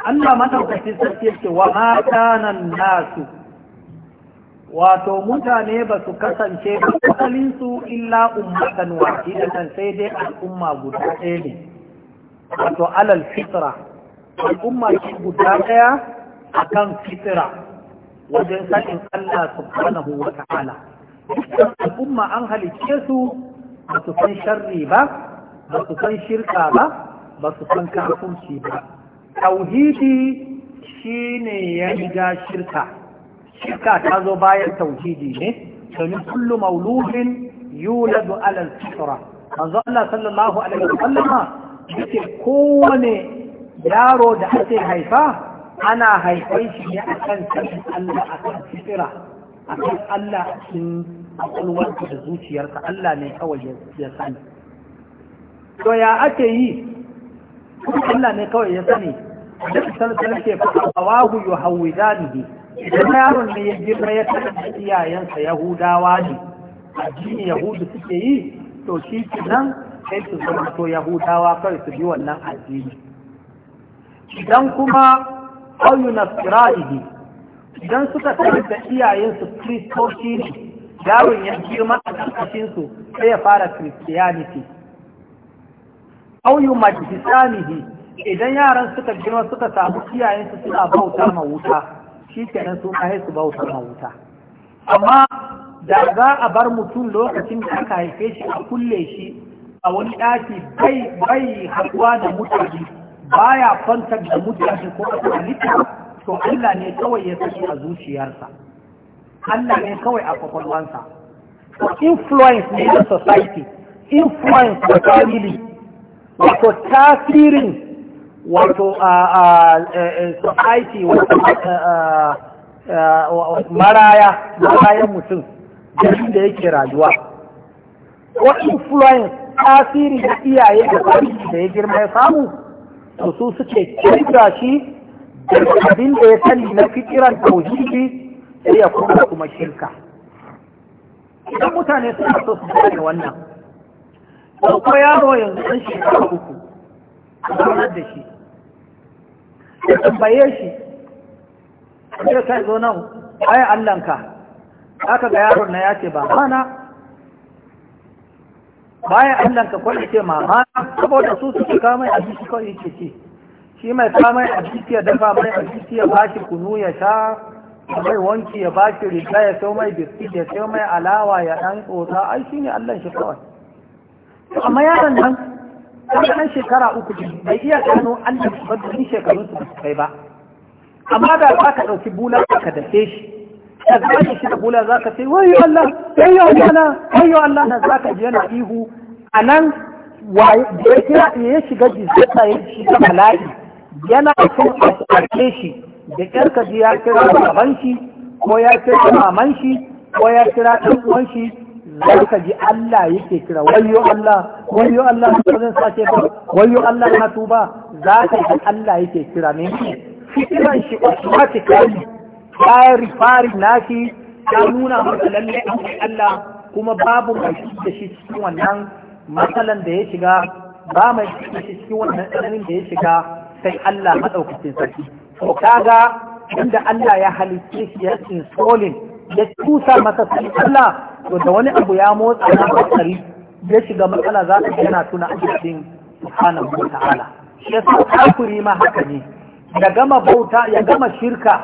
أما ما تركت تسكت وما كان الناس wato mutane ba su kasance asalinsu illa ummatan wahidatan sai dai al'umma guda ɗaya ne wato alal fitra al'umma guda ɗaya akan fitra wajen sanin Allah subhanahu wa ta'ala al'umma an halicce su ba su san sharri ba ba su san shirka ba ba su san kafirci ba tauhidi shine ya riga shirka shirka ta zo bayan tauhidi ne domin kullu mauludin yuladu ala al-fitra manzo Allah sallallahu alaihi wasallam yake kowane yaro da ake haifa ana haifai shi ne akan sanin Allah akan fitra akan Allah cikin akwalwarka da zuciyarka Allah ne kawai ya sani to ya ake yi Allah ne kawai ya sani da sallallahu alaihi wasallam ke fa wahu yuhawidanihi idan yaron ne ya girma ya taɓa iyayensa yahudawa ne addini yahudu suke yi to shi nan sai su zama to yahudawa kawai su bi wannan addini idan kuma ƙauyu na fira'ihi idan suka taɓa da iyayensu kristoci ne yaron ya girma a ƙarƙashinsu sai ya fara christianity ƙauyu ne idan yaran suka girma suka samu iyayensu suna bauta ma wuta shi kenan sun ma su bauta ma wuta amma da za a bar mutum lokacin da aka haife shi a kulle shi a wani ɗaki bai bai haɗuwa da mutane baya kwantar da mutane ko a halitta to Allah ne kawai ya saki a zuciyarsa Allah ne kawai a kwakwalwansa to influence ne na society influence da family wato tasirin wato a society maraya marayan mutum garin da yake rayuwa ko influence tasiri da iyaye da tarihi da ya girma ya samu to su suke kira shi da abin da ya sani na fikiran tauhidi sai ya kuma kuma shirka idan mutane suna so su gane wannan ko yaro yanzu ɗan shekara uku a da shi ya tambaye shi ya kai zo nan ai allanka aka ga yaron na ya ce ba mana bayan allanka kwan ce ma mana saboda su ka mai abinci kawai yake ci shi mai kamar abinci ya dafa mai abinci ya bashi kunu ya sha mai wanki ya bashi riga ya sau mai biskit ya sau mai alawa ya dan tsotsa ai shine allan shi kawai amma yaron nan kuma ɗan shekara uku bai iya gano Allah ba duk shekarun su kai ba amma da za ka ɗauki bula ka dafe shi ka za shi da bula za ka ce Allah Allah Allah na za ji yana ihu a nan ya ya shiga jizzata ya shiga bala'i yana son a kwace shi da ƙyar ka ji ya kira baban shi ko ya kira maman shi ko ya kira ɗan uwan shi ka ji Allah yake kira wayo Allah wayo Allah ba zan sace ba wayo Allah na tuba ka ji Allah yake kira ne Fitiran shi automatically ya rifari nashi ya nuna maka lalle akwai Allah kuma babu mai da shi cikin wannan matsalan da ya shiga ba mai da shi cikin wannan tsananin da ya shiga sai Allah madaukakin sarki to kaga inda Allah ya halitta shi ya insulin ya tusa masa sai Allah to da wani abu ya motsa na hankali ya shiga matsala za ka yana tuna ajiyar subhanahu wa ta'ala shi kafiri ma haka ne ya gama bauta ya gama shirka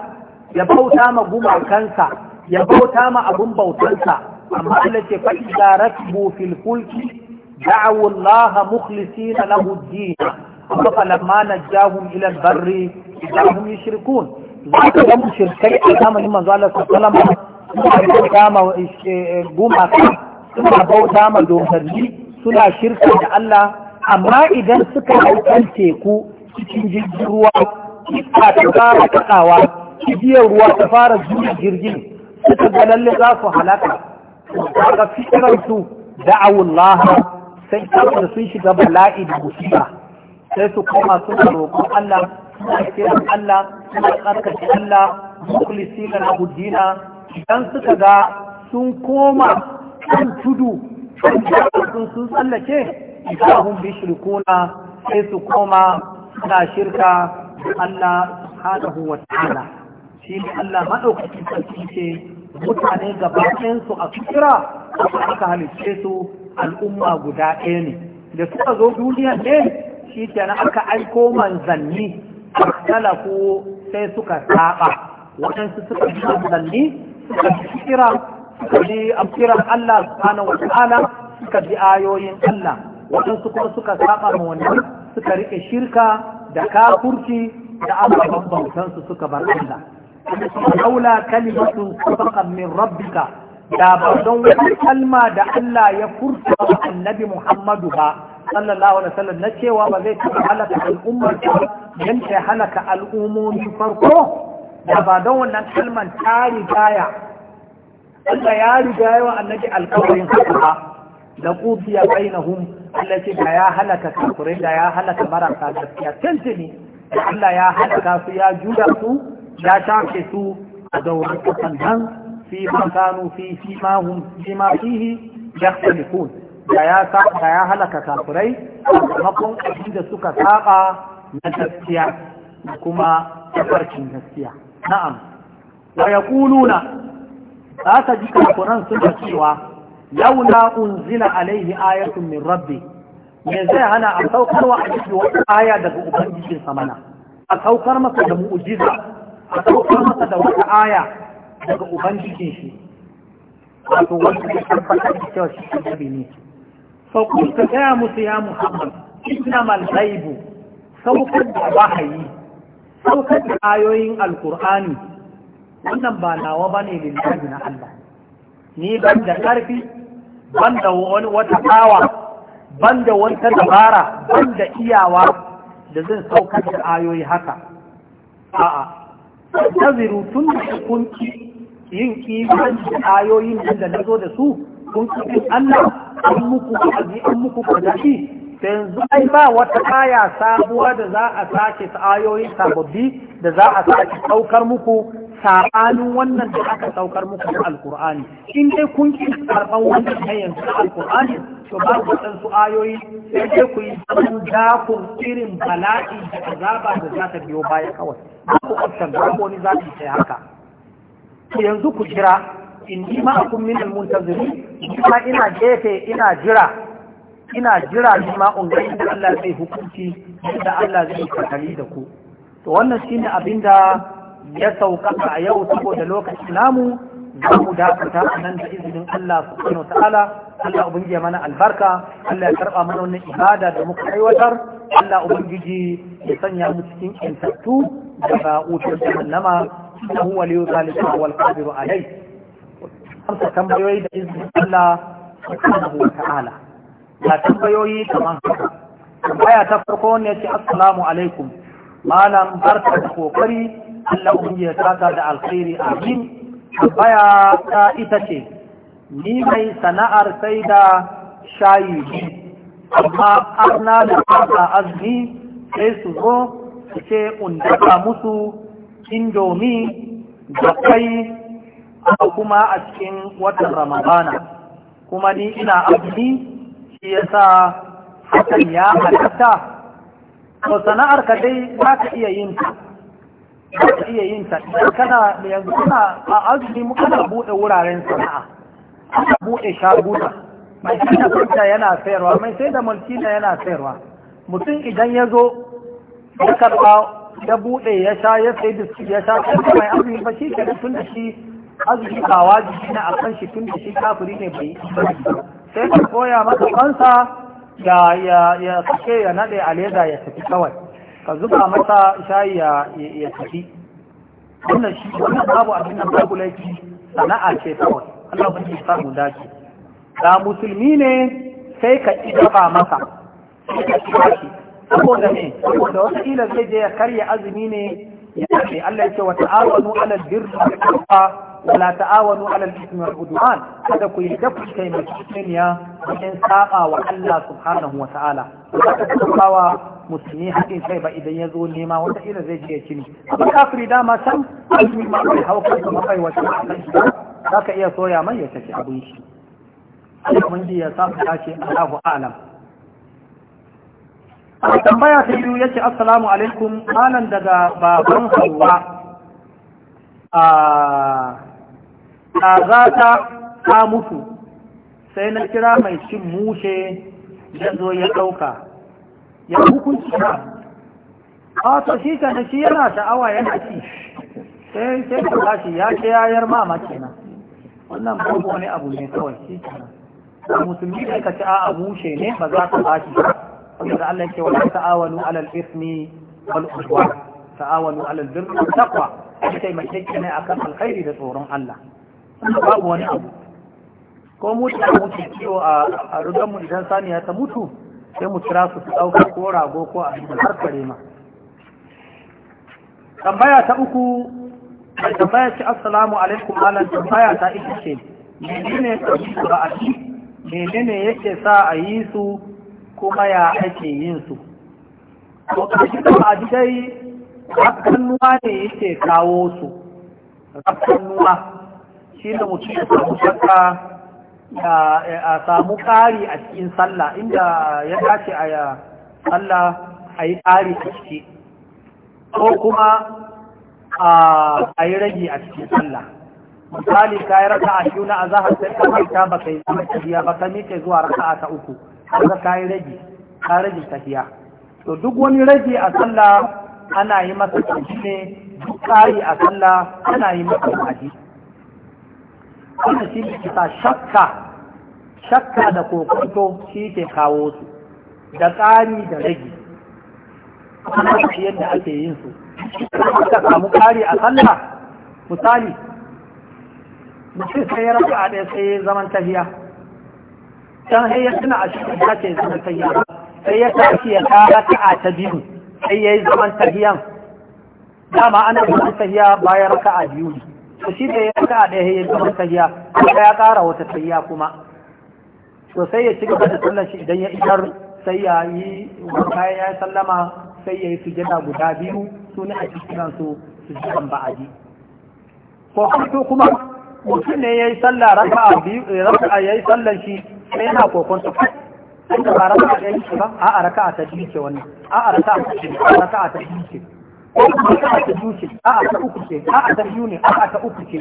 ya bauta ma gumakansa ya bauta ma abun bautansa amma Allah ce fa idza rakbu fil fulki da'u Allah mukhlisina lahu ad-din fa falamma najahum ila al-barri idza hum yushrikun zaka ga shirkai a zamanin manzo Allah sallallahu alaihi wasallam suna bauta ma gumaka suna bauta ma dokarni suna shirka da Allah amma idan suka haifar teku cikin jirgin ruwa iska ta fara kaɗawa igiyar ruwa ta fara zuwa jirgin suka ga lalle za su halaka daga fikirarsu da'awun laha sai saboda sun shiga bala'i da musiba sai su koma suna roƙon Allah suna kiran Allah suna tsarkake Allah mukulisi na gudina. idan suka ga sun koma kan tudu sun sun tsallake idan bishirkuna sai su koma suna shirka Allah subhanahu wa ta'ala shi ne Allah maɗaukacin sarki ce mutane gabaɗayan su a a aka halice su al'umma guda ɗaya ne da suka zo duniya ne shi na aka aiko manzanni ko sai suka saba waɗansu suka bi manzanni suka kira suka ji amkiran Allah subhanahu wa ta'ala suka ayoyin Allah waɗansu kuma suka saba ma wannan suka rike shirka da kafurci da ababen bautansu suka bar Allah laula kalimatun sabaqan min rabbika da ba don wata kalma da Allah ya furta wa annabi Muhammadu ba sallallahu alaihi wasallam na cewa ba zai taɓa halaka al'ummar ba yanta halaka al'ummomi farko da ba don wannan kalman ta rigaya Allah ya rigaya wa annabi alƙawarin haka ba da kufiya bainahum Allah ce da ya halaka kafirai da ya halaka marasa gaskiya tantini da Allah ya halaka su ya juda su ya shafe su a dauran kasan nan fi ma kanu fi fi ma hum fi ma fihi yakhtalifun da ya da ya halaka kafirai makon abin da suka saba na gaskiya da kuma tafarkin gaskiya na'am wa yaquluna aka ji kafiran suna cewa na, unzila alaihi ayatun min rabbi me zai hana a saukar wa ajibi wata aya daga ubangijin mana? a saukar masa da mu'ujiza a saukar masa da wata aya daga ubangijin shi wato wanda ya tabbatar da cewa shi annabi ne fa kun ka musu ya muhammad innamal ghaibu saukar da wahayi saukar da ayoyin alkur'ani wannan ba nawa ba ne lillahi na Allah ni ban da ƙarfi ban da wani wata kawa ban da wata dabara ban da iyawa da zan saukar da ayoyi haka a'a taziru tun da kun yin kiwon da ayoyin da na da su kun kifin Allah an muku kaji an muku kaji yanzu ai ba wata aya sabuwa da za a sake ayoyi sababbi da za a sake saukar muku sabanin wannan da aka saukar muku da alkur'ani in dai kun ki karban wannan na yanzu alkur'ani to ba ku san su ayoyi sai dai ku yi zaman ku irin bala'i da azaba da za ta biyo baya kawai ba ku kwaftan wani za ku sai haka yanzu ku jira in ji ma'akum min al-muntazirin ina gefe ina jira ina jira ni ma ungayin da Allah zai hukunci da Allah zai fatali da ku to wannan shine abin da ya sauka a yau saboda lokacin namu za mu dakata a nan da izinin Allah subhanahu ta'ala Allah ubangiji mana albarka Allah ya karba mana wannan ibada da muka aiwatar Allah ubangiji ya sanya mu cikin intattu da ba'utar jahannama innahu waliyyu zalika wal qadiru alayh amsa tambayoyi da izinin Allah subhanahu a tambayoyi kamar haka tambaya ta farko ne ce assalamu alaikum malam barka da kokari Allah ubangi saka da alkhairi amin tambaya ta ita ce ni mai sana'ar sai da shayi amma arna da kasa azumi sai su zo su ce undaka musu indomi da kai a kuma a cikin watan ramadana kuma ni ina azumi shi ya sa hakan ya halatta to sana'ar ka dai za ka iya yin ta za ka iya yin ta kana yanzu suna a azumi mu kana buɗe wuraren sana'a ana buɗe shaguna mai sai da fanta yana sayarwa mai sai da mulkina yana sayarwa mutum idan ya zo ya karɓa ya buɗe ya sha ya sai biskit ya sha kuma mai azumi ba shi ke tun da shi azumi ba wajibi na a kan shi tun da shi kafiri ne bai yi ba sai ka koya maka kansa ya ya ya sake ya nade a leda ya tafi kawai ka zuba masa shayi ya ya tafi wannan shi wannan babu abin da babu laifi sana'a ce kawai Allah ban yi samu dace da musulmi ne sai ka idaba masa sai ka shi saboda ne saboda wata ila zai je ya karya azumi ne yake Allah yake wa ta'awanu ala birni wa taqwa wa la ta'awanu ala alithmi wal kada ku yi dafi kai mai cikiniya in saba wa Allah subhanahu wa ta'ala kada ku bawa musulmi hakin kai ba idan ya zo nema wata ila zai je ya ne amma kafiri da ma san alimi ma kai kuma kai za ka iya soya mai ya tafi abinci. shi alhamdulillah ya sa ku tashi Allahu a'lam a tambaya ta biyu yake assalamu alaikum malam daga baban hawa a za ta ta mutu sai na kira mai cin mushe ya zo ya ɗauka ya hukunci ba a to shi ka shi yana sha'awa yana ci sai sai ka tashi ya ce yayar mace na. wannan babu wani abu ne kawai shi na musulmi ne ka ci a mushe ne ba za ka tashi ba saboda Allah yake wala ta'awanu alal ismi wal udwan ta'awanu alal birri wat taqwa sai mai take ne akan alkhairi da tsoron Allah babu wani abu ko mu ta mutu ciwo a rugan mu idan saniya ta mutu sai mu kira su su dauka ko rago ko a har kare ma tambaya ta uku tambaya ce assalamu alaikum alan tambaya ta ita ce menene ba a ci menene yake sa a yi su kuma ya ake yin su to a dai rafkannuwa ne yake kawo su rafkannuwa shi da mutum ya samu shakka a samu ƙari a cikin sallah inda ya dace a sallah a yi ƙari a ciki ko kuma a yi rage a cikin sallah misali ka yi raka a shuna a zahar sai ka ta ba ka yi zama ba ka zuwa raka ta uku kaga kayi rage ka rage tafiya. to duk wani rage a sallah ana yi masa kaji ne duk kari a sallah ana yi masa kaji wannan shi ne kisa shakka shakka da kokonto shi ke kawo su da ƙari da rage kuma yadda ake yin su ka samu ƙari a sallah misali mutum sai ya rabu a ɗaya sai zaman tafiya can sai ya tuna a cikin tace ya zama tahiya sai ya tashi ya kara ta'a ta biyu sai ya yi zaman tahiyan dama ana zaman tahiya bayan raka'a biyu ne to shi da ya raka'a da ya zaman tahiya sai ya kara wata tahiya kuma to sai ya ci gaba da sallar shi idan ya isar sai ya yi bayan ya sallama sai ya yi sujada guda biyu su ne a cikin su su a ba'adi ko kuma mutum ne ya yi sallah raka'a biyu eh, raka'a ya yi sallar shi sai yana kokon su sun da bara ta ɗaya shi ba a a raka a ta biyu ce wannan a a raka a ta raka ta biyu ce ko raka a ta biyu ce a a ta uku ce a a ta biyu ne a a ta uku ce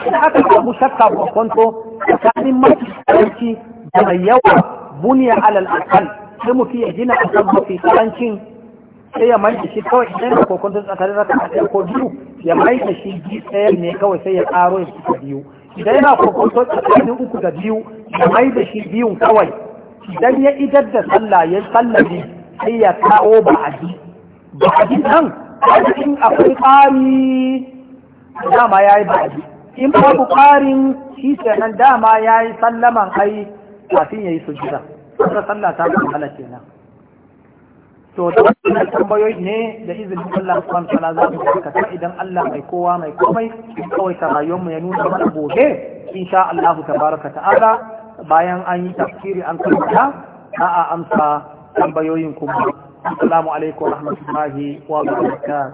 idan aka samu shakka kokon to tsakanin mafi karanci da mai yawa buniya alal akal sai mu fiye gina a kan mafi karancin sai ya mai shi kawai idan da kokon to tsakanin raka a ko biyu ya mai shi biyu ɗaya ne kawai sai ya ƙaro ya fita biyu idan yana kokonto tsakanin uku da biyu da mai da shi biyu kawai idan ya idar da sallah ya sallabi sai ya kawo ba a nan in akwai ƙari dama ya yi ba a in babu ƙarin shi kenan dama ya yi sallaman ai kafin ya yi sujjida wata sallah ta kan kenan to da wannan tambayoyi ne da izinin Allah subhanahu wa za mu karkata idan Allah mai kowa mai komai kawai ta rayuwar mu ya nuna mana gobe insha Allah tabaraka ta'ala bayan an yi tafsiri an karanta za a amsa tambayoyin kuma assalamu alaikum wa rahmatullahi wa barakatuh